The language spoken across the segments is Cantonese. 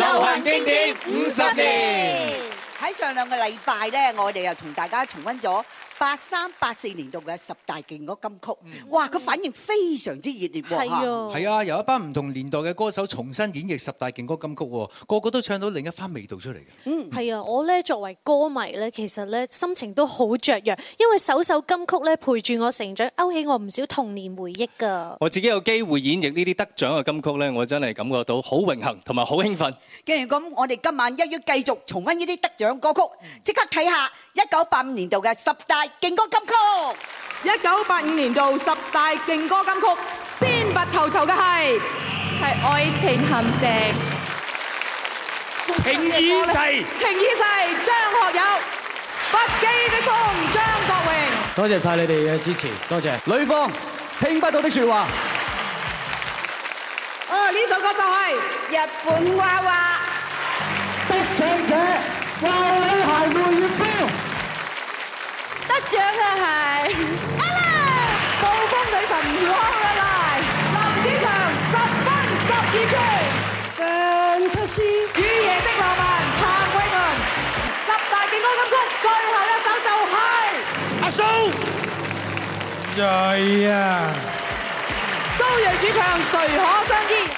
流行經典五十年，喺上兩個禮拜咧，我哋又同大家重温咗八三八四年度嘅十大勁歌金曲，哇！佢反應非常之熱烈喎，係啊，係啊，由一班唔同年代嘅歌手重新演繹十大勁歌金曲，個個都唱到另一番味道出嚟嘅。嗯，係啊，我咧作為歌迷咧，其實咧心情都好雀躍，因為首首金曲咧陪住我成長，勾起我唔少童年回憶㗎。我自己有機會演繹呢啲得獎嘅金曲咧，我真係感覺到好榮幸同埋好興奮。既然咁，我哋今晚一於繼續重温呢啲得獎歌曲，即刻睇下一九八五年度嘅十大勁歌金曲一九八五年度十大勁歌金曲先拔頭籌嘅係係愛情陷阱情已逝情已逝張學友不羈的風張國榮多謝晒你哋嘅支持，多謝女方聽不到的說話，啊呢首歌就係日本娃娃的唱者壞女孩梅艷芳。一樣嘅係，Hello，暴風女神，Whoever，Lie，林子祥十分十二寸，Fantasy，雨夜的浪漫，譚詠麟，十大勁歌金曲最後一首就係阿蘇瑞啊，蘇瑞主唱，誰可相依？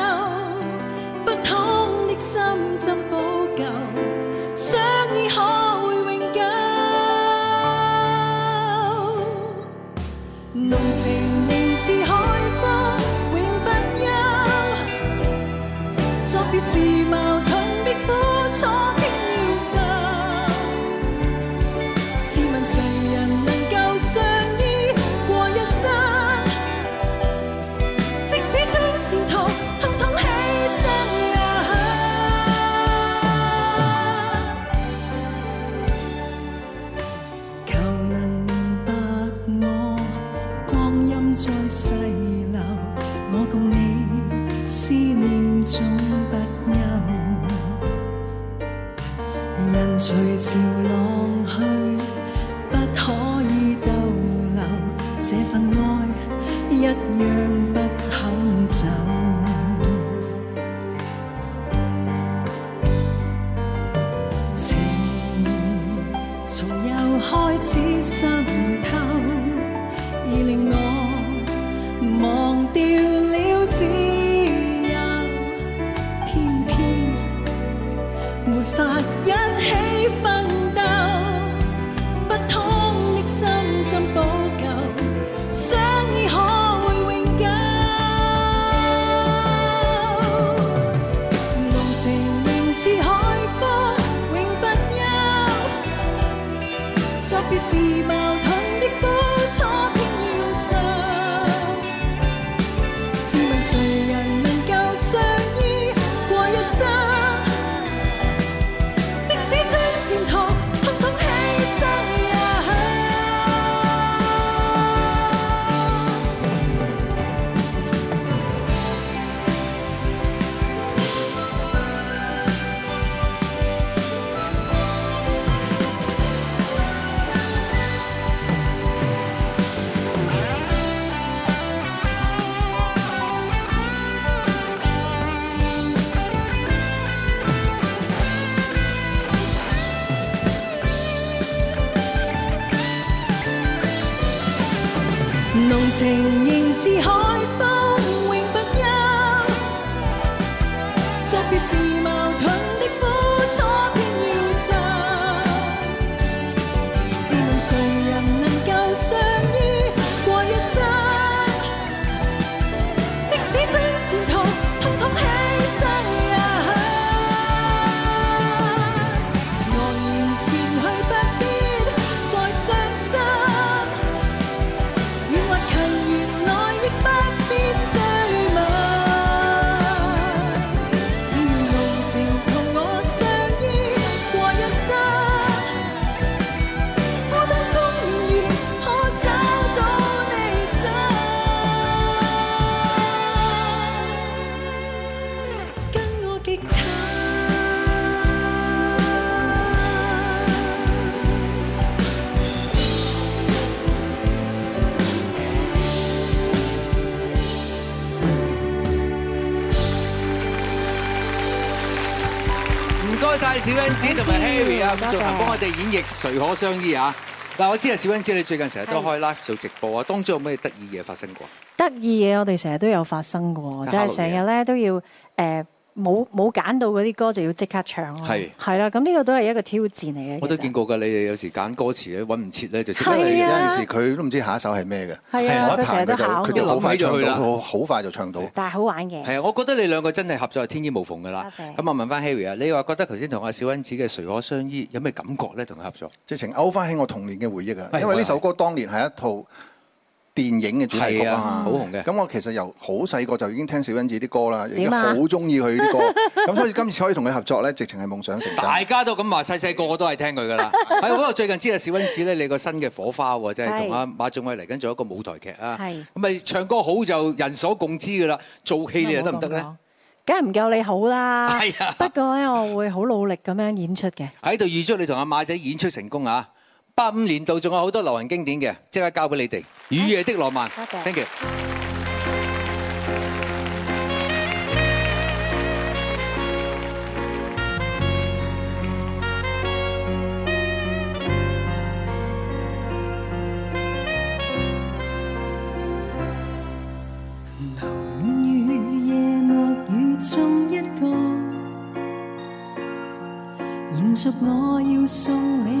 我哋演繹誰可相依啊！嗱，我知啊，小欣姐你最近成日都開 live 做直播啊，的當中有咩得意嘢發生過？得意嘢我哋成日都有發生㗎喎，就係成日咧都要誒。Hello. 冇冇揀到嗰啲歌就要即刻唱咯，係啦是，咁呢個都係一個挑戰嚟嘅。我都見過㗎，你哋有時揀歌詞咧揾唔切咧，就即刻。過的有陣時佢都唔知下一首係咩嘅。係啊的，佢成日都考到，好快咗去，好快就唱到，就唱到是。但係好玩嘅。係啊，我覺得你兩個真係合作係天衣無縫㗎啦。多謝。咁我問翻 Harry 啊，你話覺得頭先同阿小恩子嘅《誰可相依》有咩感覺咧？同佢合作，直情勾翻起我童年嘅回憶啊！因為呢首歌當年係一套。電影嘅主題曲啊，啊，好紅嘅，嗯。咁我其實由好細個就已經聽小恩子啲歌啦，而家好中意佢啲歌。咁樣、啊、 所以今次可以同佢合作咧，直情係夢想成真。大家都咁話，細細個我都係聽佢噶啦。喺、 啊、我最近知啊，小恩子咧，你個新嘅火花喎，即係同阿馬俊偉嚟緊做一個舞台劇啊。係咁咪唱歌好就人所共知噶啦，做戲你又得唔得咧？梗係唔夠你好啦。係啊，不過咧，我會好努力咁樣演出嘅。喺度預祝你同阿馬仔演出成功啊！八五年度仲有好多流行經典嘅，即刻交俾你哋。雨夜的浪漫，thank you。流年雨夜，莫雨中一個，延續我要送你。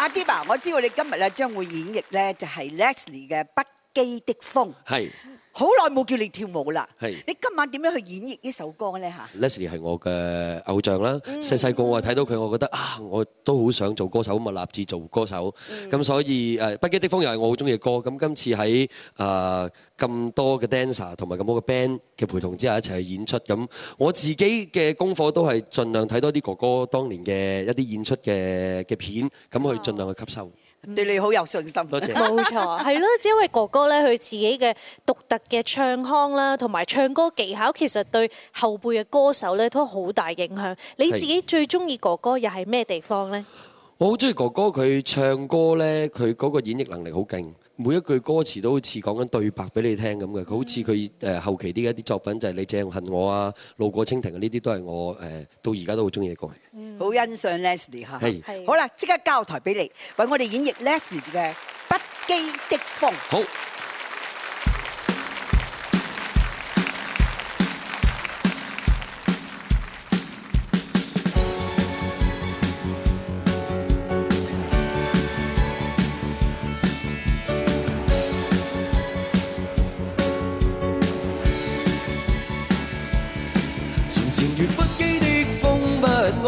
阿 Deep 呀，我知道你今日咧將會演繹咧就係 Leslie 嘅《不羈的風》。係。好耐冇叫你跳舞啦！係你今晚點樣去演繹呢首歌咧？嚇？Leslie 係我嘅偶像啦，細細個我係睇到佢，我覺得啊，我都好想做歌手，咁啊，立志做歌手。咁、嗯、所以誒、呃，《不羈的風》又係我好中意嘅歌。咁今次喺啊咁多嘅 dancer 同埋咁多嘅 band 嘅陪同之下，一齊去演出，咁我自己嘅功課都係盡量睇多啲哥哥當年嘅一啲演出嘅嘅片，咁、嗯、去盡量去吸收。對你好有信心，多謝，謝。冇錯，係咯，只因為哥哥咧，佢自己嘅獨特嘅唱腔啦，同埋唱歌技巧，其實對後輩嘅歌手咧都好大影響。你自己最中意哥哥又係咩地方呢？我好中意哥哥佢唱歌咧，佢嗰個演繹能力好勁。每一句歌詞都好似講緊對白俾你聽咁嘅，佢好似佢誒後期啲一啲作品就係、是、你正恨我啊，路過蜻蜓啊，呢啲都係我誒到而家都好中意嘅歌，好欣賞 Leslie 嚇，係是的 好啦，即刻交台俾你，為我哋演繹 Leslie 嘅不羈的風，好。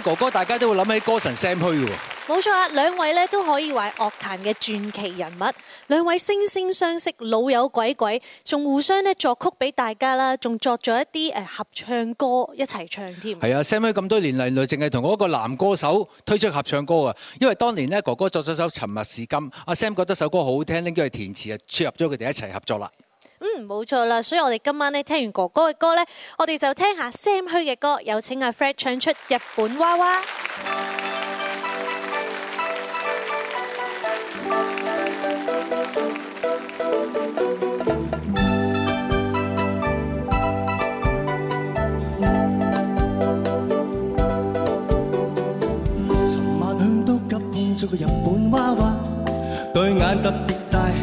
哥哥，大家都會諗起歌神 Sam Hui 嘅喎，冇錯啊！兩位咧都可以話係樂壇嘅傳奇人物，兩位惺惺相惜，老友鬼鬼，仲互相咧作曲俾大家啦，仲作咗一啲合唱歌一齊唱添。係啊的，Sam Hui 咁多年嚟嚟，淨係同嗰個男歌手推出合唱歌啊，因為當年咧哥哥作咗首《沉默是金》，阿 Sam 覺得首歌好好聽，拎咗去填詞啊，撮合咗佢哋一齊合作啦。冇錯啦，所以我哋今晚呢，聽完哥哥嘅歌呢，我哋就聽下 Sam 區嘅歌，有請阿 Fred 唱出日本娃娃。尋晚向獨急變做個日本娃娃，對眼特別。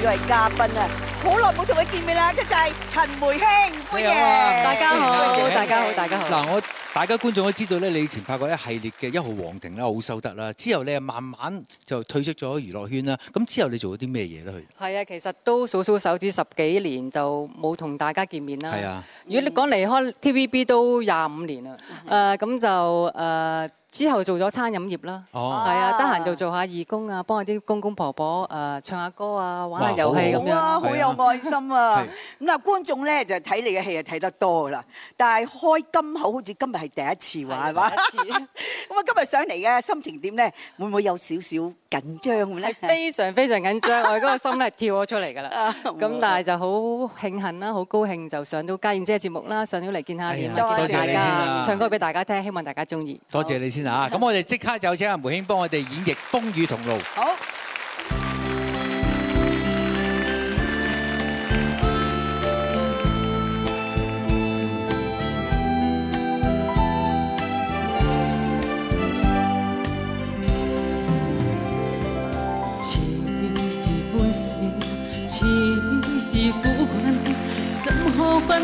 一位嘉賓啊，好耐冇同佢見面啦，佢就係陳梅馨，歡迎。大家好，大家好，大家好。嗱，我大家觀眾都知道咧，你以前拍過一系列嘅《一號皇庭》啦，好收得啦，之後你啊慢慢就退出咗娛樂圈啦。咁之後你做咗啲咩嘢咧？佢係啊，其實都數數手指，十幾年就冇同大家見面啦。係啊，如果你講離開 TVB 都廿五年啦。誒，咁就誒。之後做咗餐飲業啦，係啊，得閒就做下義工啊，幫下啲公公婆婆誒唱下歌啊，玩下遊戲咁樣。好啊，好有愛心啊！咁嗱，觀眾呢就睇你嘅戲又睇得多啦，但係開金口好似今日係第一次喎，係咪？咁我今日上嚟嘅心情點呢？會唔會有少少？緊張嘅咧，係非常非常緊張，我哋嗰個心咧跳咗出嚟㗎啦。咁但係就好慶幸啦，好高興就上到嘉燕姐嘅節目啦，上到嚟見下你，多謝大家，唱歌俾大家聽，希望大家中意。多謝你先嚇，咁我哋即刻就請阿梅馨幫我哋演繹《風雨同路》。好。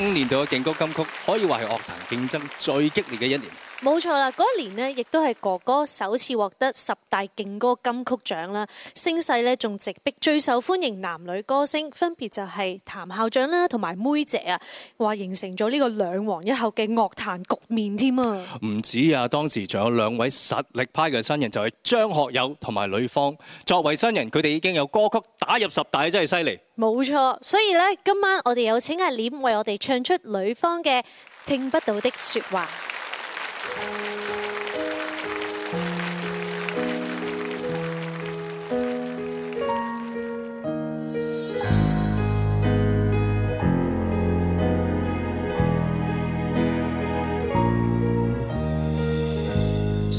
五年度嘅勁歌金曲可以話係樂壇競爭最激烈嘅一年。冇錯啦，嗰一年呢亦都係哥哥首次獲得十大勁歌金曲獎啦，聲勢咧仲直逼最受歡迎男女歌星，分別就係譚校長啦，同埋妹姐啊，話形成咗呢個兩王一后嘅樂壇局面添啊！唔止啊，當時仲有兩位實力派嘅新人，就係、是、張學友同埋呂方。作為新人，佢哋已經有歌曲打入十大，真係犀利。冇錯，所以呢，今晚我哋有請阿廉為我哋唱出呂方嘅《聽不到的説話》。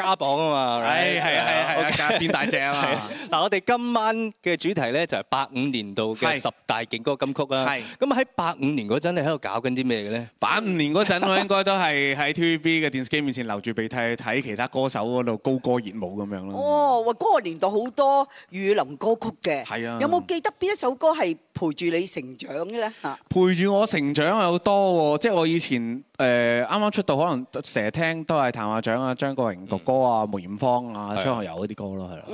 加磅啊嘛！係係係，變大隻啊嘛！嗱，我哋今晚嘅主題咧就係八五年度嘅十大勁歌金曲啦。咁喺八五年嗰陣，你喺度搞緊啲咩嘅咧？八五年嗰陣，我應該都係喺 TVB 嘅電視機面前留住鼻涕去睇其他歌手嗰度高歌熱舞咁樣咯。哦，哇！嗰個年代好多雨林歌曲嘅。係啊。有冇記得邊一首歌係陪住你成長嘅咧？吓，陪住我成長有好多，即係我以前。誒啱啱出道，可能成日聽都係譚校長啊、張國榮哥哥啊、梅艷芳啊、張學友嗰啲歌咯，係啦。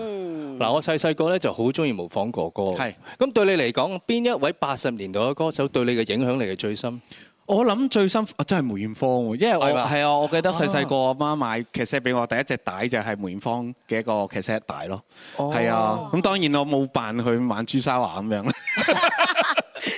嗱，我細細個咧就好中意模仿哥哥。係，咁對你嚟講，邊一位八十年代嘅歌手對你嘅影響力係最深？我諗最深，我真係梅艷芳，因為我係啊，我記得細細個阿媽買卡式俾我，第一隻帶就係梅艷芳嘅一個卡式帶咯，係啊。咁當然我冇扮佢玩朱砂畫咁樣。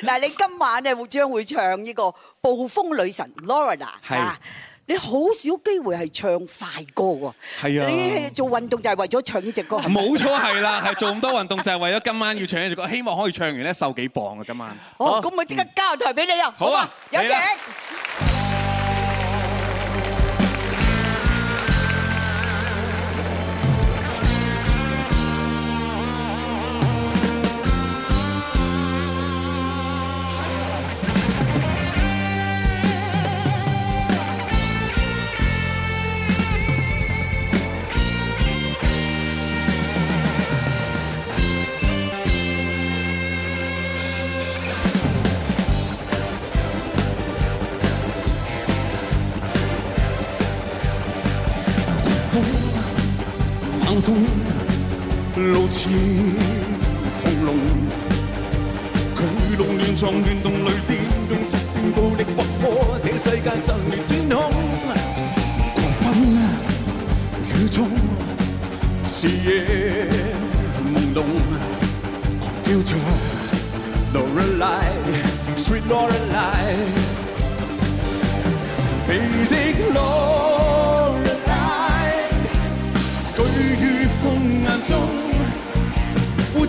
嗱，你今晚咧將會唱呢個《暴風女神》Lorelei 啊！你好少機會係唱快歌喎，係啊、你係做運動就係為咗唱呢隻歌，冇錯係啦，係做咁多運動就係為咗今晚要唱呢隻歌，希望可以唱完咧瘦幾磅啊！今晚好，咁我即刻交台俾你啊！好，好啊，有請。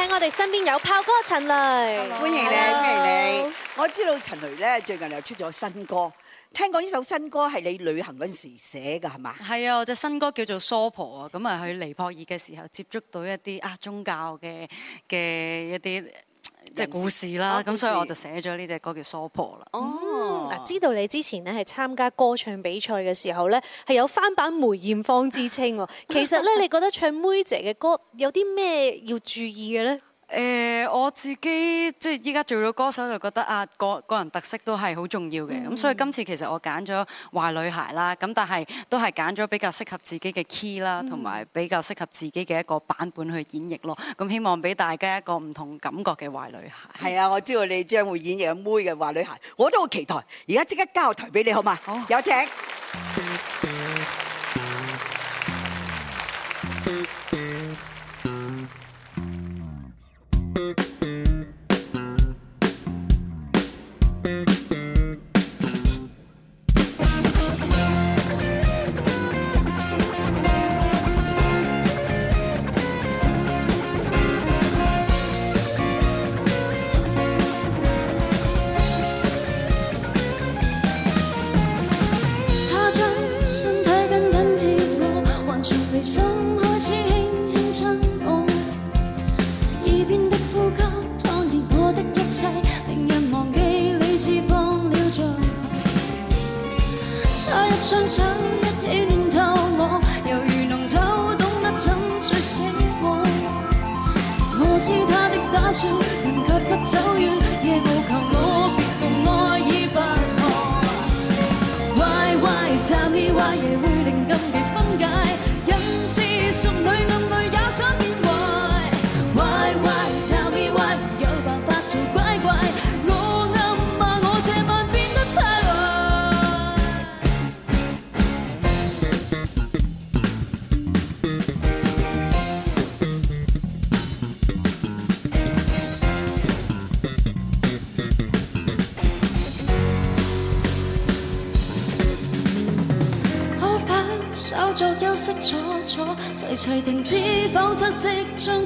係我哋身邊有炮哥陳蕾，Hello. 歡迎你，歡迎你。我知道陳蕾咧，最近又出咗新歌，聽講呢首新歌係你旅行嗰時寫噶係嘛？係啊，我隻新歌叫做《梳婆一》啊，咁啊去尼泊爾嘅時候接觸到一啲啊宗教嘅嘅一啲。即係故事啦，咁對所以我就寫咗呢隻歌叫《疏婆》啦。哦，嗱，知道你之前咧係參加歌唱比賽嘅時候咧係有翻版梅艷芳之稱喎。其實咧，你覺得唱妹姐嘅歌有啲咩要注意嘅咧？誒，我自己即係依家做咗歌手就覺得啊，個個人特色都係好重要嘅，咁所以今次其實我揀咗壞女孩啦，咁但係都係揀咗比較適合自己嘅 key 啦，同埋比較適合自己嘅一個版本去演繹咯，咁希望俾大家一個唔同感覺嘅壞女孩。係啊，我知道你將會演繹阿妹嘅壞女孩，我都好期待。而家即刻交台俾你好嘛？好嗎，好，有請。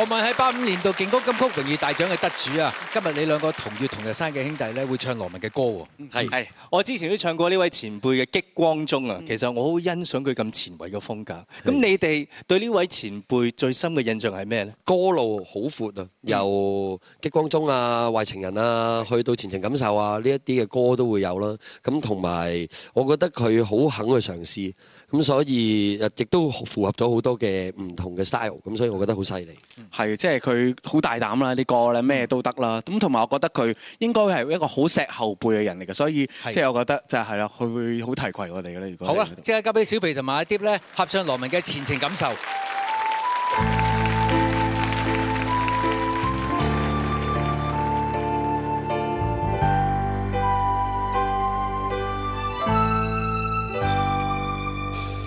羅文喺八五年度勁歌金曲榮譽大獎嘅得主啊，今日你兩個同月同日生嘅兄弟咧，會唱羅文嘅歌喎是？係我之前都唱過呢位前輩嘅《激光中》啊，其實我好欣賞佢咁前衞嘅風格。咁是 你哋對呢位前輩最深嘅印象係咩咧？歌路好闊啊，由《激光中》啊，《壞情人》啊，去到《前程感受》啊，呢一啲嘅歌都會有啦。咁同埋，我覺得佢好肯去嘗試。咁所以亦都符合咗好多嘅唔同嘅 style，咁所以我覺得好犀利。係，即係佢好大膽啦，呢、這個咧咩都得啦。咁同埋我覺得佢應該係一個好錫後輩嘅人嚟嘅，所以即係我覺得就係、是、啦，佢是的、就是、會好提携我哋嘅啦，如果好啦，即刻交俾小肥同埋阿 Deep 咧合唱羅文嘅前程感受。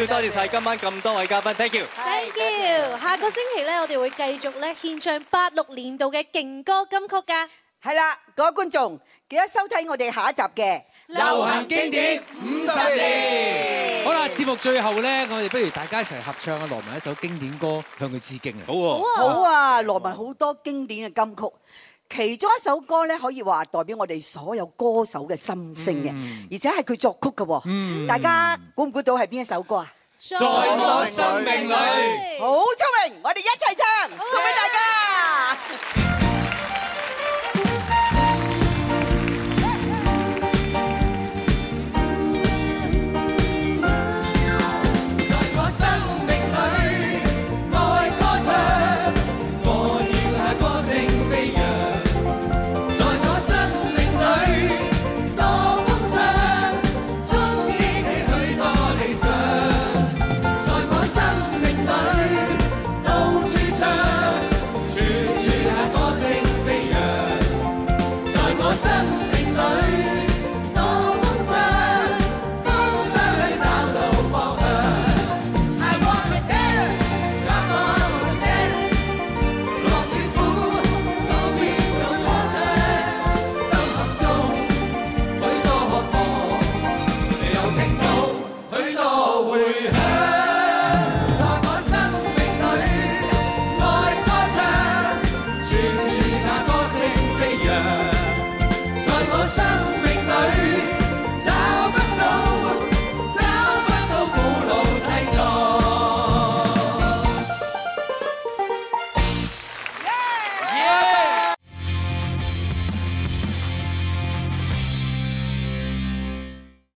要多謝晒今晚咁多位嘉賓，Thank you，Thank you。下個星期咧，我哋會繼續咧獻唱八六年度嘅勁歌金曲㗎。係啦，各位觀眾，記得收睇我哋下一集嘅流行經典五十年。好啦，節目最後咧，我哋不如大家一齊合唱啊羅文一首經典歌向佢致敬啊！好喎，好啊，羅文好多經典嘅金曲。其中一首歌咧，可以話代表我哋所有歌手嘅心聲嘅，嗯、而且係佢作曲嘅。嗯、大家估唔估到係邊一首歌啊？在我生命裏，好聰明，我哋一齊唱。